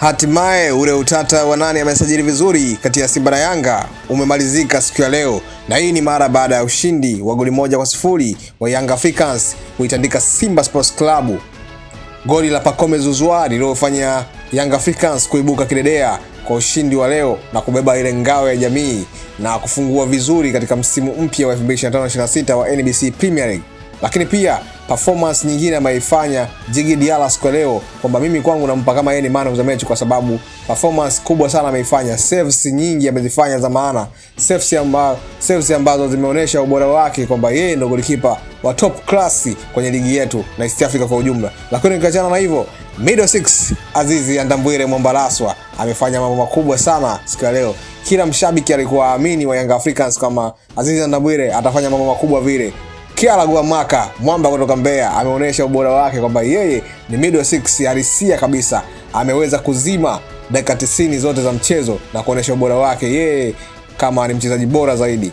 Hatimaye ule utata wa nani amesajili vizuri kati ya Simba na Yanga umemalizika siku ya leo, na hii ni mara baada ya ushindi wa goli moja kwa sifuri wa Young Africans kuitandika Simba Sports Club. Goli la Pacome Zuzwa lililofanya Young Africans kuibuka kidedea kwa ushindi wa leo na kubeba ile ngao ya jamii na kufungua vizuri katika msimu mpya wa 2025-26 wa NBC Premier League lakini pia performance nyingine ameifanya Jigi Diala siku leo, kwamba mimi kwangu nampa kama yeye ni man of the match, kwa sababu performance kubwa sana ameifanya. Saves nyingi amezifanya za maana, saves ambazo saves ambazo zimeonyesha ubora wake kwamba yeye ndio golikipa wa top class kwenye ligi yetu na East Africa kwa ujumla. Lakini nikiachana na hivyo, middle six Azizi Andambwile Mwambalaswa amefanya mambo makubwa sana siku ya leo. Kila mshabiki alikuwa aamini wa Young Africans kama Azizi Andambwile atafanya mambo makubwa vile Kyala maka mwamba kutoka Mbeya ameonyesha ubora wake kwamba yeye ni middle six halisia kabisa. Ameweza kuzima dakika 90 zote za mchezo na kuonyesha ubora wake yeye kama ni mchezaji bora zaidi.